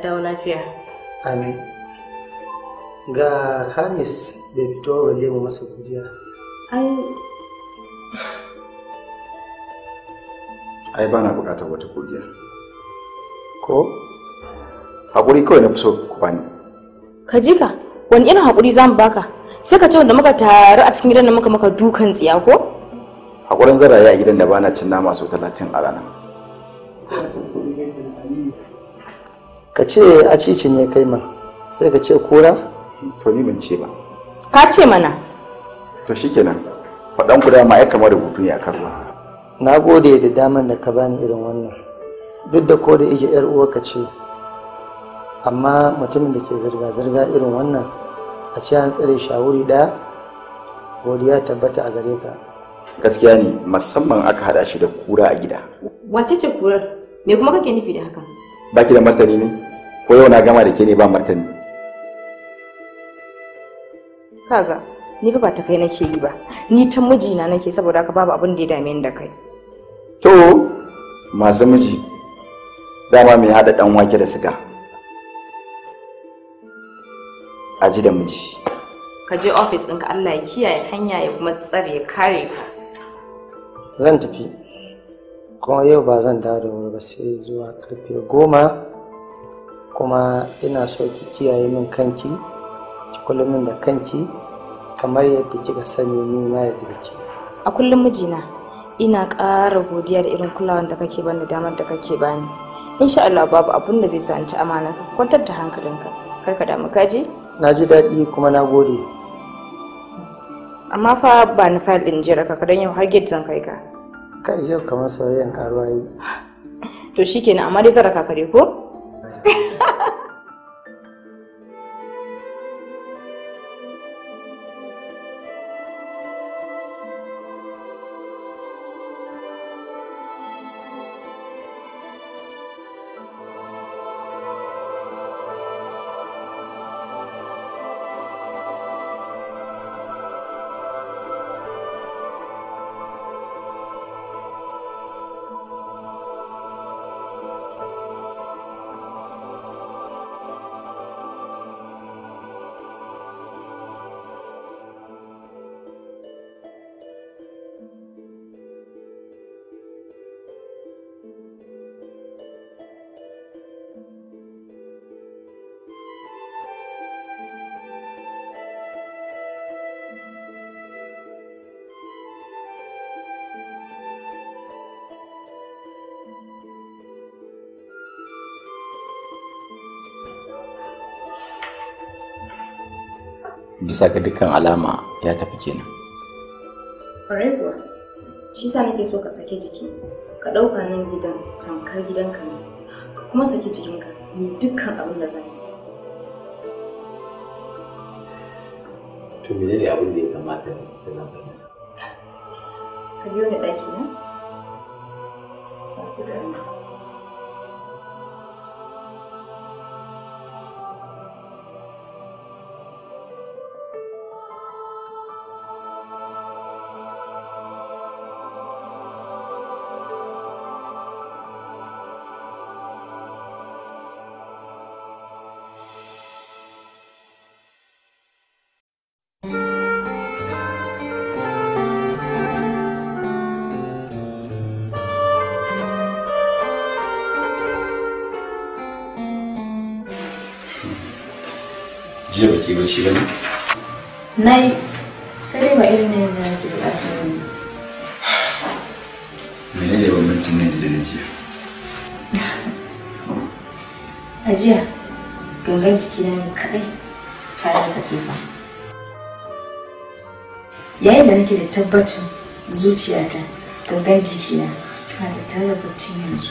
dawo lafiya amin ga hamis da fito lemu masa godiya ai ai ba na bukatar wata godiya ko haƙuri kawai na fi so ku bani ka ji ka wani irin haƙuri za mu baka sai ka ce wanda muka taru a cikin gidan da muka maka dukan tsiya ko haƙurin zara ya gidan da bana cin nama sau talatin a rana ka ce a cici ya kai man sai ka ce kura to ni ban ce ba ka ce mana to shikenan faɗan ku dama ya kamar rubutu ne a kan na gode da daman da ka bani irin wannan duk da ko da yake yar uwarka ce amma mutumin da ke zirga-zirga irin wannan a ce an tsare shawuri ɗaya godiya tabbata a gare ka gaskiya ne musamman aka hada shi da kura a gida wace ce kurar me kuma kake nufi da haka baki da martani ne ko yau na gama da ke ne ba martani kaga ni ba ta kai nake yi ba ni ta mijina nake saboda haka babu abin da ya dame ni da kai to masu miji dama mai hada dan wake da siga a ji da miji ka je ofis ɗinka Allah ya kiyaye hanya ya kuma tsare ya kare ka zan tafi kuma yau ba zan dawo da wuri ba sai zuwa karfe goma kuma ina so ki kiyaye min kanki ki kula min da kanki kamar yadda kika sani ni na yadda ki a kullum mijina ina ƙara godiya da irin kulawar da kake bani damar da kake bani insha Allah babu abun da zai sanci amana kwantar da hankalinka kar ka damu ka ji na ji daɗi kuma na gode amma fa ba ni fayil ɗin jira ka don yau har gate zan kai ka kai yau kamar soyayyen karuwa yi to shikenan amma dai zara ka kare ko bisa ga dukkan alama ya tafi kenan kwarai shi sa nake so ka sake jiki ka ɗauka nan gidan tamkar gidanka ne ka kuma sake jikinka ni dukkan abin da zan yi to ne abin da ya kamata da zan fahimta ka biyo ni ɗaki na? ku da bacci ba ne? Na yi, sai dai ba irin ne na yake bukata ba ne. Mene ne bambancin na da na jiya? A jiya, gangan ciki na kaɗai tare da katifa. Yayin da nake da tabbacin zuciyata gangan jikina na tattara baccin yanzu.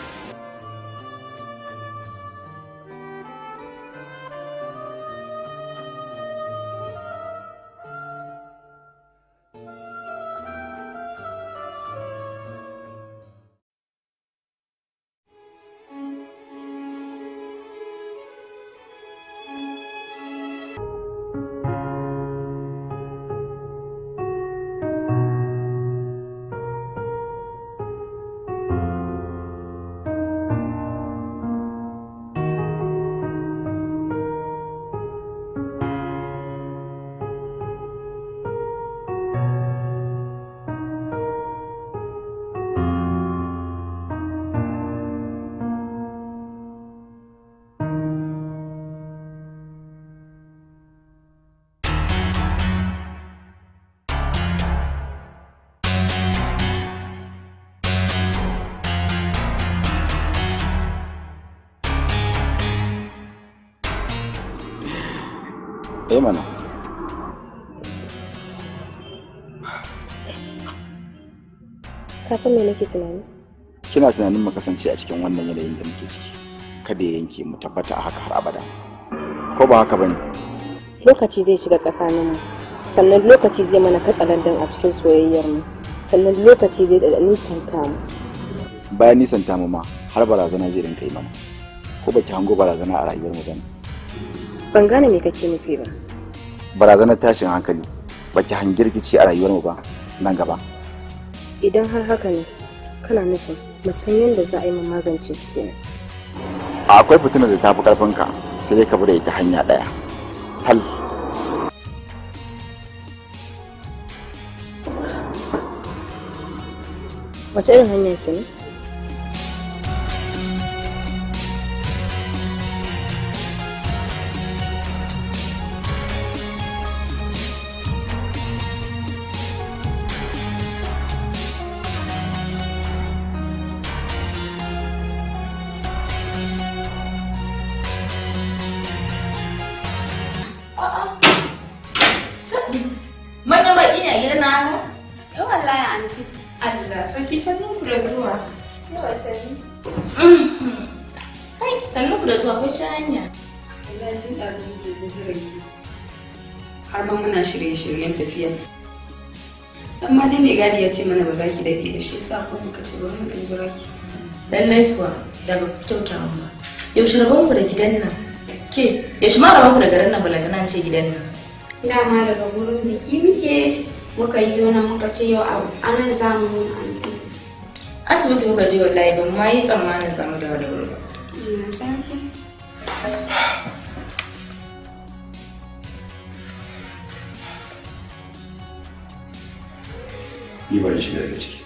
Eh mana. Ka san me nake tunani? Kina tunanin mu kasance a cikin wannan yanayin da muke ciki. Kada ya yanke mu tabbata a haka har abada. Ko ba haka bane? Lokaci zai shiga tsakaninmu. Sannan lokaci zai mana katsalandan a cikin soyayyar mu. Sannan lokaci zai da nisanta mu. Bayan nisanta mu ma har barazana zai rinka yi mana. Ko baki hango barazana a rayuwar mu bane? Ban gane me kake nufi ba. Barazanar tashin hankali, baki hangirgici a rayuwar mu ba nan gaba. Idan har haka ne, kana nufin musan yadda za a yi magance su kenan. Akwai fitina da ta fi ƙarfinka sai dai ka bi da ita hanya ɗaya. Tal wace irin hanya ke sannan ku da zuwa kun sha hanya Allah tun da zan kusa da ke har ma muna shirye-shiryen tafiya dan ma dai mai gadi ya ce mana ba za ki daɗe da shi sa ko muka ce bari mu ɗan jira ki lallai kuwa da ba ku kyauta ba yaushe rabon ku da gidan nan ke yaushe ma rabon ku da garin nan balantana ce gidan nan ma daga gurin biki muke muka yi yona muka ce yau anan zamu mun anti asibiti muka je wallahi ban ma yi tsammanin zamu dawo da wuri ba ni ba da shiga ciki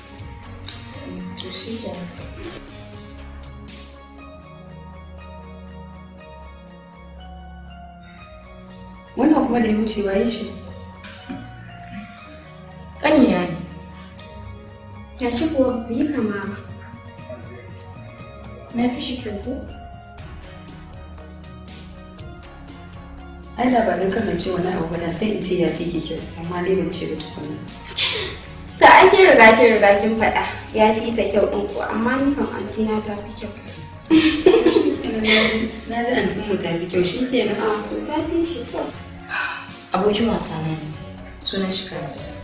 wannan kuma da ya wuce waye shi ƙanina ne ya shi kuwa ku yi kama ba na fi shi kyau ai da ba don kamance wani abu ba da sai in ce ya fi kyau amma dai ban ce ba tukunna riga kin riga kin faɗa ya fi ta kyau ɗin ko amma ni kan anti na ta fi kyau. Na ji anti mu ta fi kyau shi ke nan. A ah, to ta fi shi kyau. Abokin wasa na ne sunan shi Kamis.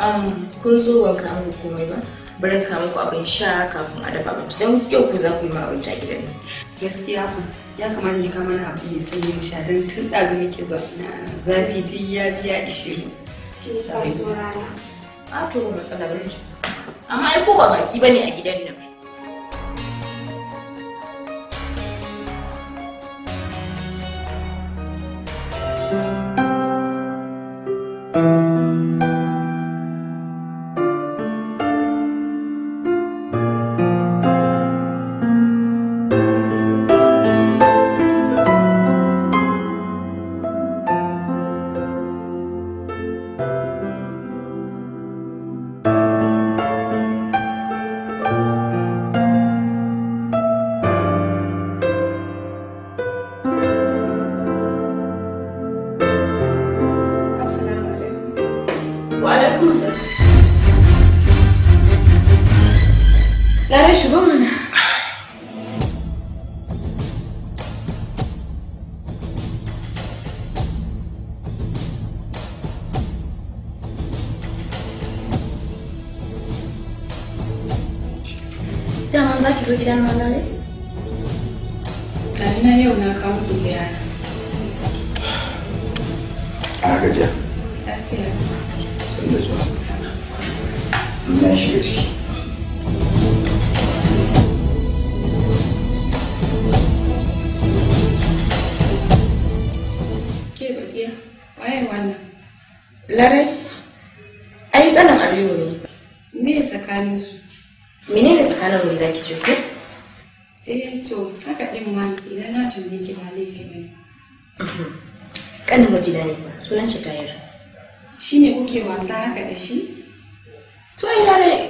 Um, kun zo ban kamu komai ba. barin ka muku abin sha kafin a dafa abinci don yau ku za ku yi ma abinci a gidan nan. Gaskiya ku ya kamata ya kama na abu mai sanyin sha don tun ɗazu muke zuwa na zafi duk ya biya ishirin. Ni kasuwa na. Ato matsalar Amma ai ko ba baki bane a gidan nan. tiran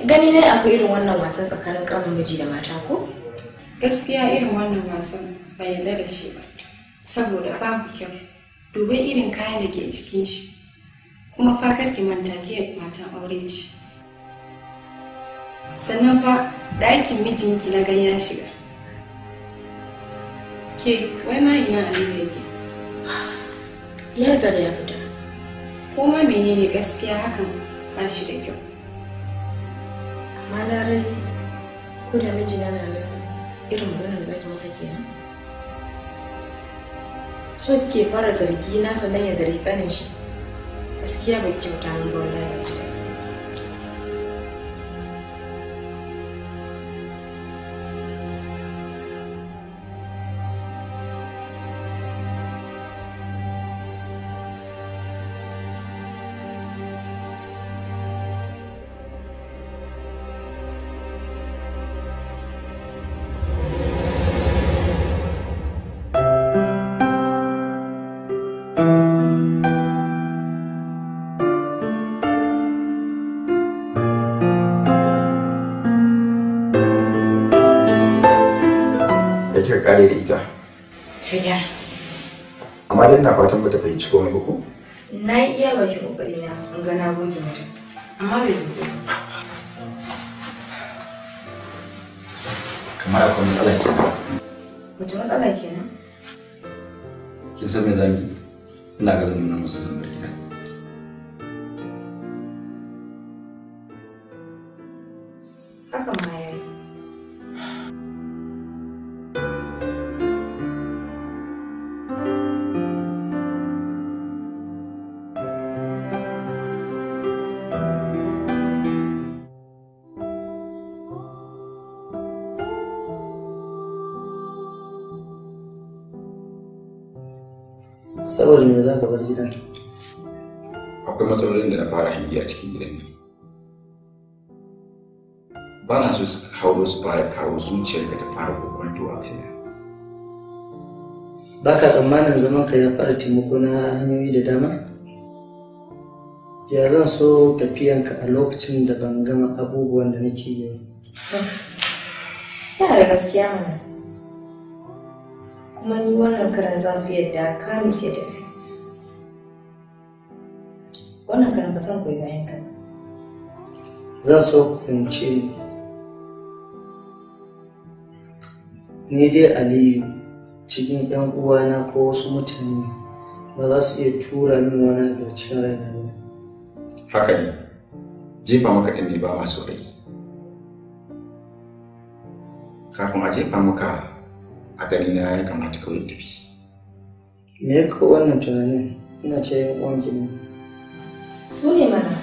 gani ne akwai irin wannan wasan tsakanin kanin miji da mata ko gaskiya irin wannan wasan bai yarda da shi ba saboda babu kyau dubai irin kayan da ke cikin shi kuma fakar ki manta ke matan aure ce sannan fa ɗakin mijinki na ganya shiga ke wai ma ina aliyu yake yarda da ya fita ko ma menene gaskiya hakan ba shi da kyau ma na ran ko da mijina na nan irin maganar da zaki masa kenan so ke fara zargi na sannan ya zargi kanin shi gaskiya ba kyauta min ba wallahi ba ji daɗi kare da ita amma dai ina fatan ba ta fahimci komai ba ko na yi iya bakin kokari na in ga na goge mutum amma bai goge kamar akwai matsala kenan Wace matsala ke nan? Ki san me zan yi ina ga zan nuna masa zambar kawo zuciyarka ta fara kokwanto a kaina ba ka tsammanin zaman ka ya fara taimako na hanyoyi da dama ya zan so tafiyanka a lokacin da ban gama abubuwan da nake yi ba da gaskiya mana kuma ni wannan karan zan fi yadda ka ya tafi wannan karan ba zan koyi bayan ka zan so ku fahimce ni ni dai aliyu cikin yan uwana ko wasu mutane ba za su iya tura min wani abu cikin da ba haka ne jefa maka ɗin ne ba masu rai kafin a jefa maka a gani na ya kamata kawai tafi me ya kawo wannan tunanin ina ce yan uwan ne su ne mana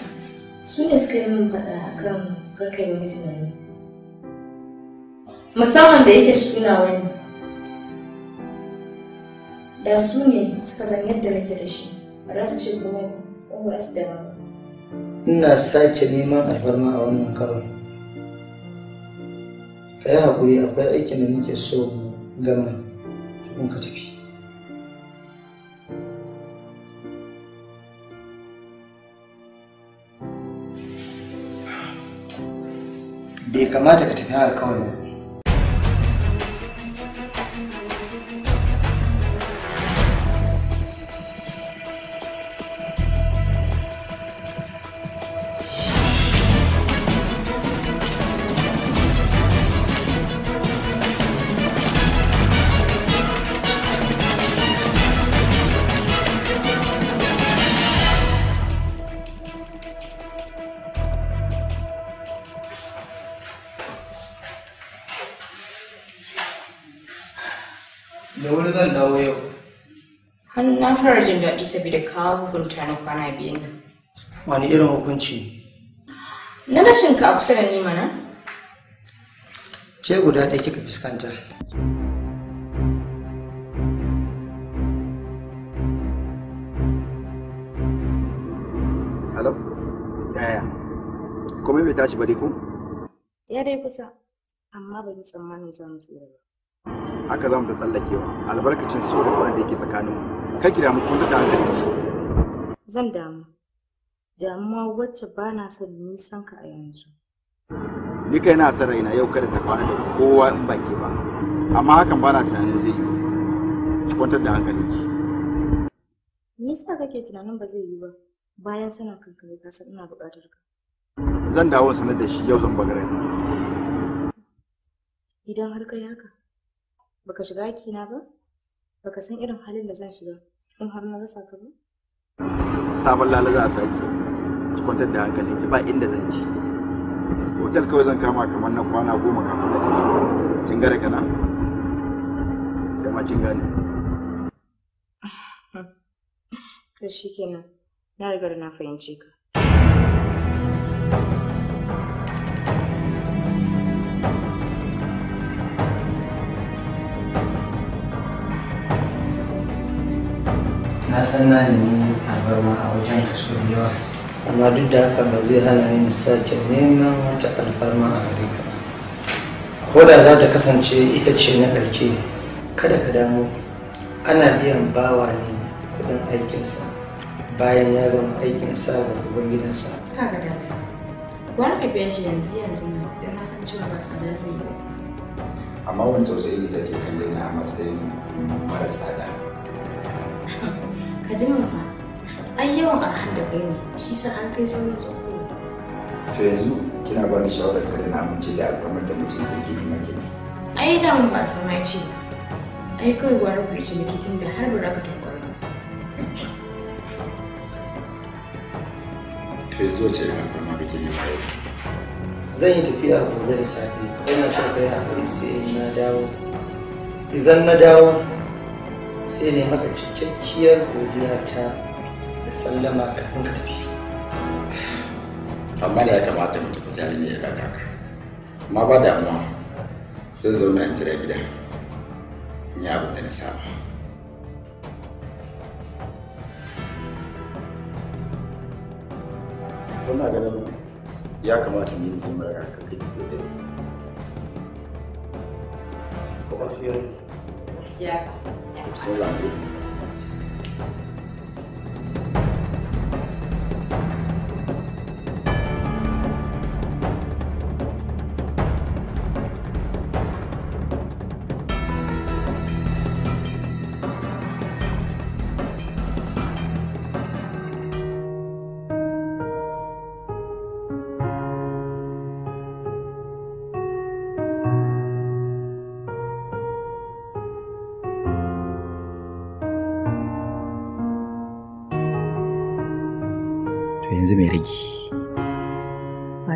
su ne suka yi min faɗa akan karkai wani tunani musamman da yake na wani da su ne suka zan yadda nake da shi rasu ce kuma kuma ba su da ina sake neman alfarma a wannan karon ka yi haƙuri akwai aikin da nake so gama tukun ka tafi bai kamata ka tafi haka kawai farar jin daɗi saboda kawo hukunta na kwana biyu ne. Wani irin hukunci? Na rashin ka a kusa da nima mana? Ke guda ɗaya kika fuskanta. Halo? Yaya? Komai bai tashi bari ku? Ya dai kusa, amma ban yi tsammanin zan tsira ba. Haka zamu ta tsallakewa, albarkacin so da da yake tsakaninmu. kake damu kun da hankali zan damu damuwa wacce ba na son nisan ka a yanzu ni kai na son raina yau kada ka kwana da kowa in baki ba amma hakan ba na tunanin zai yi ki kwantar da hankali ki me yasa kake tunanin ba zai yi ba bayan sanin kan kai ka san ina buƙatar ka zan dawo sanar da shi yau zan bagare idan har kai haka baka shiga hakina ba baka san irin halin da zan shiga in har sabon lala za a sake ki kwantar da hankalin ki ba inda zan ci hotel kawai zan kama kamar na kwana goma kafin na ci kin gare kana da ma kin gane to shikenan na riga na fahimce ka na san na nemi albarma a wajen ka so da yawa amma duk da haka ba zai hana ni sake neman wata alfarma a gare ka ko da za ta kasance ita ce na ƙarke kada ka damu ana biyan bawa ne kuɗin aikinsa bayan ya gama aikinsa ga ubangidansa kaga da gwara ka biya shi yanzu yanzu na don na san cewa ba tsada zai yi amma wani tsautsayi ne zai kalle na a matsayin mara tsada ka ji min fa ai yawan arhan da kai ne shi sa an kai sauri tsoko to yanzu kina ba ni shawarar kada na amince da alfarmar da mutum ke gini maki ai da mun alfarma ce ai kai gwara ku ce likitin da har bara ka tabbara to yanzu wace irin alfarma kake yi zan yi tafiya gobe da safe ina son kai hakuri sai na dawo idan na dawo sai ne maka cikakkiyar godiya ta da sallama kafin ka tafi amma da ya kamata mu tafi tare ne da kaka amma ba damuwa zan zauna in jira gida ni abu da na saba wannan ganin ya kamata mu yi raka kai da ke da Gracias. 有些难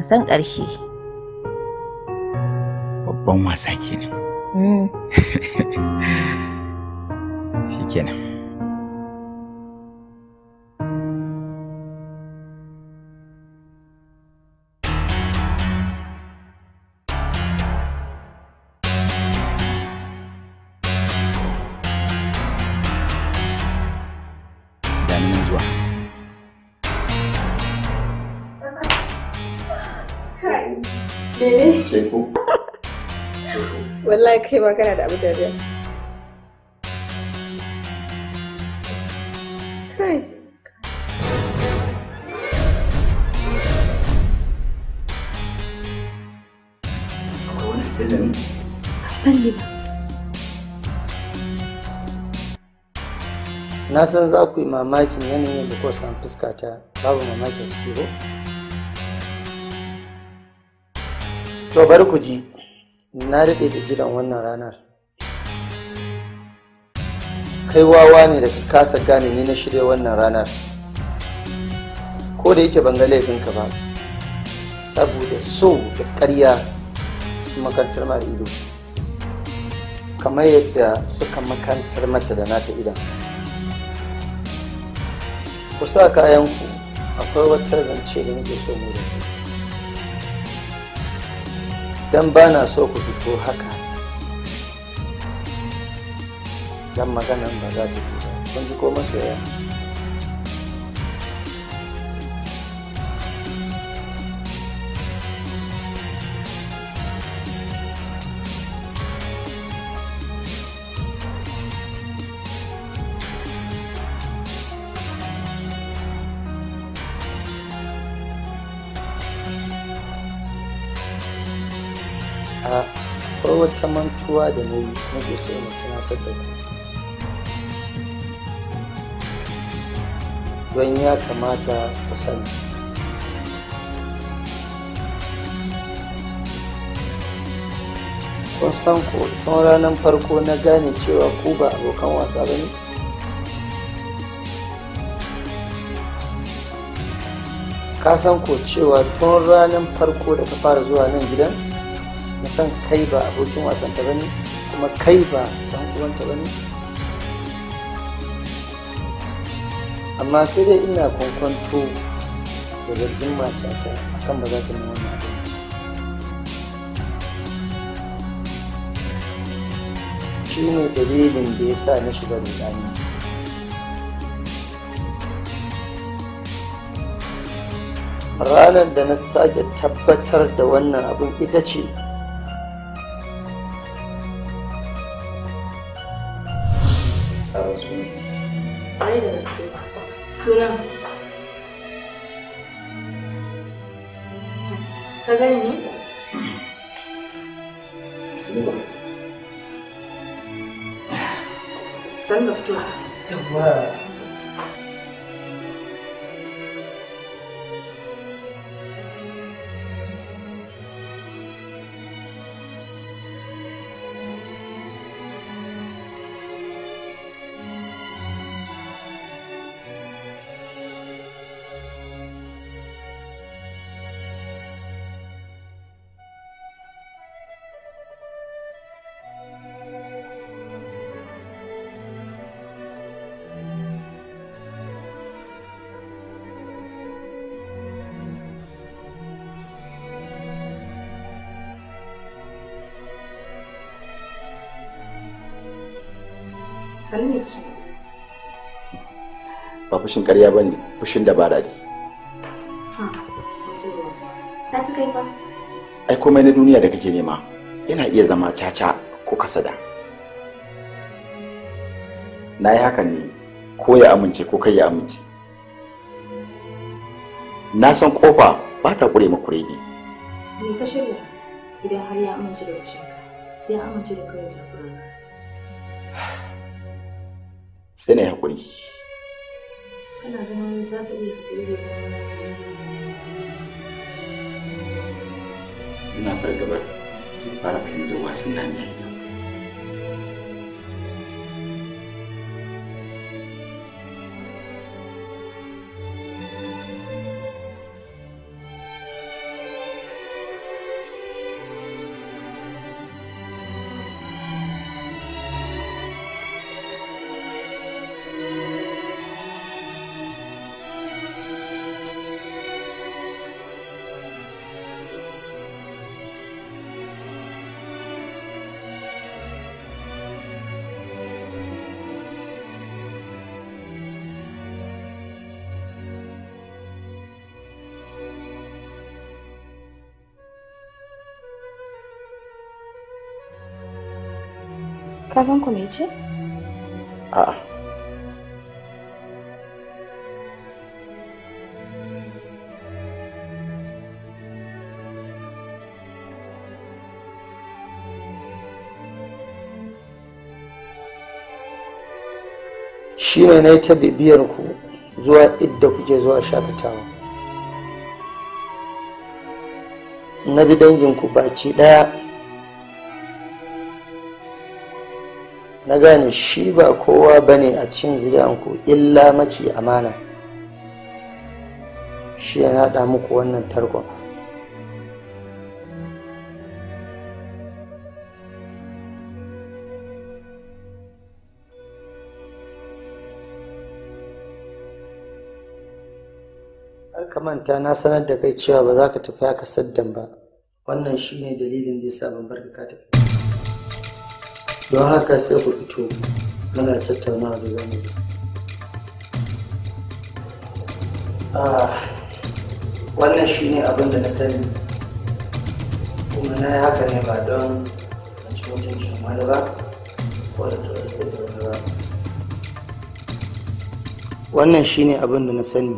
wasan ƙarshe babban wasa kenan mm. shi kenan wallahi kai ma kana da abu dariya kai Na san za ku yi mamakin yanayin da fuska ta babu mamaki ciki ko? To bari ku ji. na daɗe da jiran wannan ranar kai wawa ne da kasa gane ni na shirya wannan ranar ko da yake ban ga laifinka ba saboda so da ƙarya sun makantar mara ido kamar yadda suka makantar mata da nata idan ku sa kayanku akwai wata zance da nake so mu da ku don ba na so ku fito haka don maganan ba za ta fito kun ji ko masoya mutuwa da na yi nake so na tunatar da ku don ya kamata ku sani kun san ku tun ranar farko na gane cewa ku ba abokan wasa ba ne ka san ko cewa tun ranar farko da ka fara zuwa nan gidan na san kai ba abokin wasan ta bane kuma kai ba ɗan uwanta ta bane amma sai dai ina kwankwanto da zargin matata akan ba za ta nuna wannan abin shi ne dalilin da ya sa na shiga rudani ranar da na sake tabbatar da wannan abin ita ce of The world. ki ba fushin ƙarya ba ne fushin da ba daɗi ta fa ai komai na duniya da kake nema yana iya zama caca ko kasada na yi hakan ne ko ya amince ko kai ya amince na san kofa ba ta ƙure ma ne. me ka shirya idan har ya amince da ya amince da kai sai na yi haƙuri ina fargabar zai fara fahimtar wasan nan yayi Ka san ku A'a. Shi ne na yi ta bibiyar ku zuwa idda kuke zuwa shakatawa. Na bi danginku baki ɗaya na gane shi ba kowa ba ne a cikin zuriyanku illa mace amana shi ya naɗa muku wannan tarkon ka manta na sanar da kai cewa ba za ka tafi haka saddan ba wannan shine dalilin da ya sa ban barka ka tafi don haka sai ku fito muna tattauna da zamu ah, wannan shi ne abin da na sani kuma na yi haka ne ba don a ci mutuncin wani ba ko da tsoron da wani ba wannan shi ne abin da na sani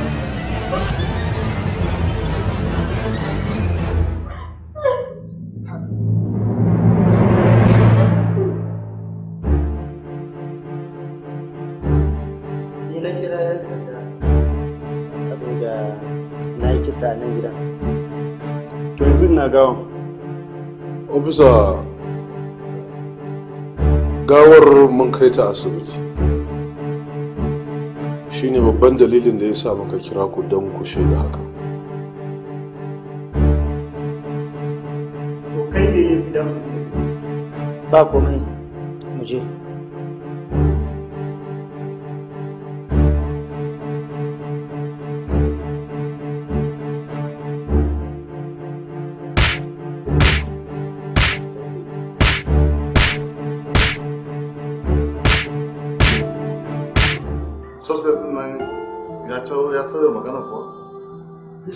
ina gawan Obisa gawar mun kai ta asibiti shine babban dalilin da ya sa muka kira ku don ku shaida haka ba komai mu je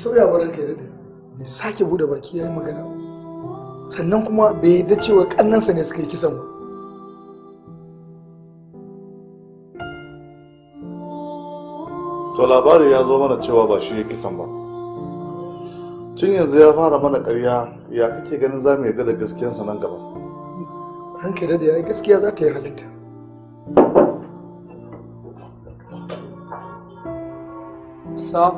sauya wa ranka ya sake buɗe baki ya yi magana sannan kuma bai yadda cewa sa ne suka yi kisan ba to labari ya zo mana cewa ba shi ya kisan ba tun yanzu ya fara mana ƙarya ya kake ganin za mu yarda da gaskiyansa nan gaba ranka da ya gaskiya za ta yi halitta sa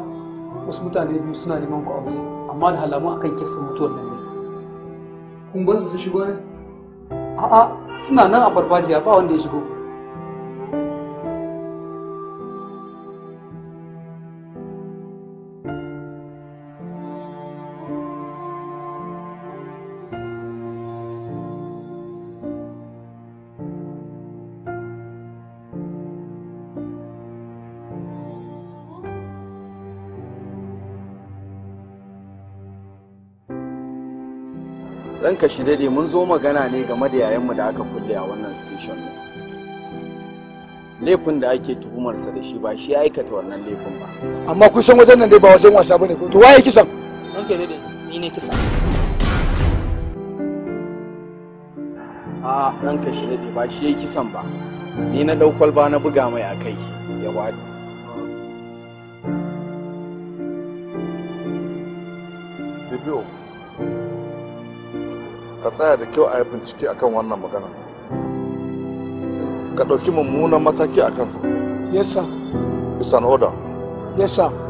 wasu mutane biyu suna neman ku aure amma da halamu akan kesa mutuwar nan ne kun ba su shigo ne a'a suna nan a farfajiya ba wanda ya shigo ranka shi dade mun zo magana ne game da yayanmu da aka kulle a wannan station ne laifin da ake tuhumarsa da shi ba shi ya aikata wannan laifin ba amma san wajen nan dai ba wajen wasa bane to waye kisan ranka dade ni ne kisan a ranka shi dade ba shi ya kisan ba ni na daukal ba na buga mai akai ya wadi ka tsaya da kyau a yi bincike akan wannan magana ka ɗauki mummunan mataki a kansa yes sir it's an order yes sir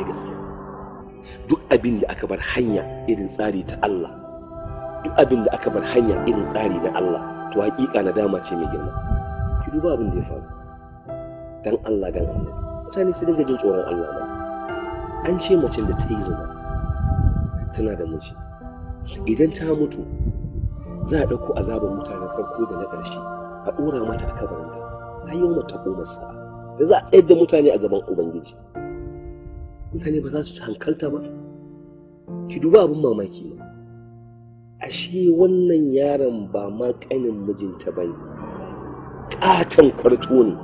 ne gaskiya duk abin da aka bar hanya irin tsari ta Allah duk abin da aka bar hanya irin tsari na Allah to na nadama ce mai girma ki duba abin da ya faru dan Allah dan Allah mutane su dinga jin tsoron Allah ba an ce macen da ta yi zina tana da miji idan ta mutu za a ɗauko azabar mutanen farko da na ƙarshe a ɗora mata a kabarinta har yau mata ƙomar sa'a da za a tsayar da mutane a gaban ubangiji mutane ba za su hankalta ba ki duba abin mamaki ba ashe wannan yaron ba ma ƙanin mijinta ba ne ƙaton kwarto ne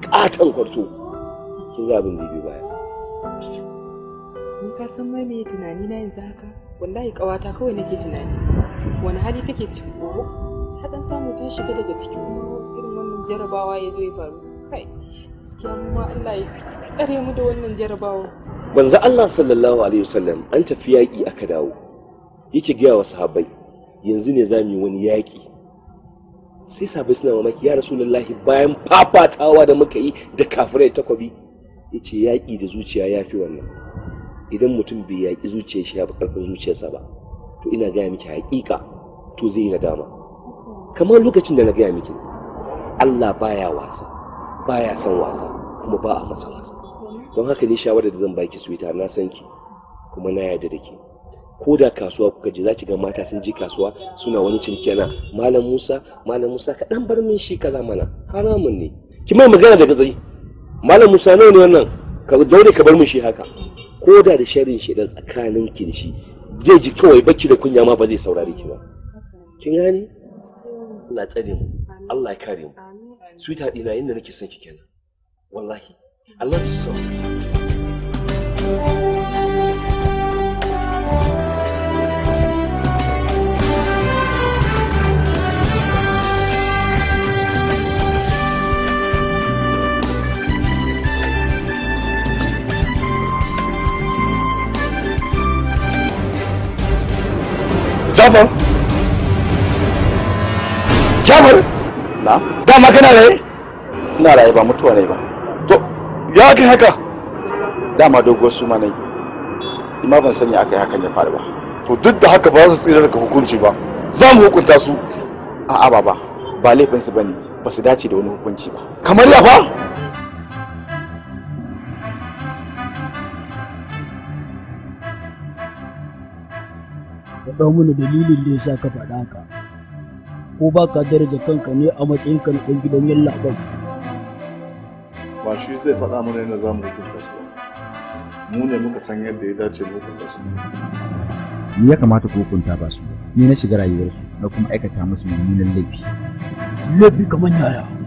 ƙaton kwarto kin ga abin da biyu baya ni ka san mai me tunani na yanzu haka wallahi ƙawata kawai nake tunani wani hali take cikin gobe ta dan samu ta shiga daga cikin irin wannan jarabawa ya zo ya faru kai gaskiya mu Allah ya tsare mu da wannan jarabawa manzo Allah sallallahu alaihi wasallam an tafi yaƙi aka dawo yake gaya wa sahabbai yanzu ne zamu wani yaki sai sahabbai suna mamaki ya rasulullahi bayan fafatawa da muka yi da kafirai takobi yace yaƙi da zuciya yafi wannan idan mutum bai yaƙi zuciyar shi ya karfin zuciyarsa ba to ina gaya miki haƙiƙa to zai yi nadama kamar lokacin da na gaya miki Allah baya wasa baya son wasa kuma ba a masa wasa don haka ni shawarar da zan baki suwita na san ki kuma na yarda da ki ko da kasuwa kuka je za ki ga mata sun je kasuwa suna wani ciniki malam musa malam musa ka dan bar min shi kaza mana haramun ne ki mai magana da gazai. malam musa nawa ne wannan ka daure ka bar min shi haka ko da da sharrin shi dan tsakanin ki da shi zai ji kawai bacci da kunya ma ba zai saurare ki ba kin gani Allah tsare mu Allah ya kare mu sweetheart ina yanda nake son ki kenan wallahi I love you so much. Jafar j a v a r na dama kana l a e ina raye ba mutuwa ne ba ya kai haka dama doguwar su mana yi ma ban sani aka yi hakan ya faru ba to duk da haka ba za su tsira daga hukunci ba za mu hukunta su a'a baba ba laifinsu ba ne ba su dace da wani hukunci ba kamar ya fa faɗa mana dalilin da ya sa ka faɗa haka ko ba ka daraja kanka ne a matsayinka na ɗan gidan yallaɓai ba shi zai faɗa mana yadda za mu hukunta su ba mu ne muka san yadda ya dace mu hukunta su ni ya kamata ku hukunta ba su ni na shiga rayuwarsu na kuma aikata musu mummunan laifi laifi kamar yaya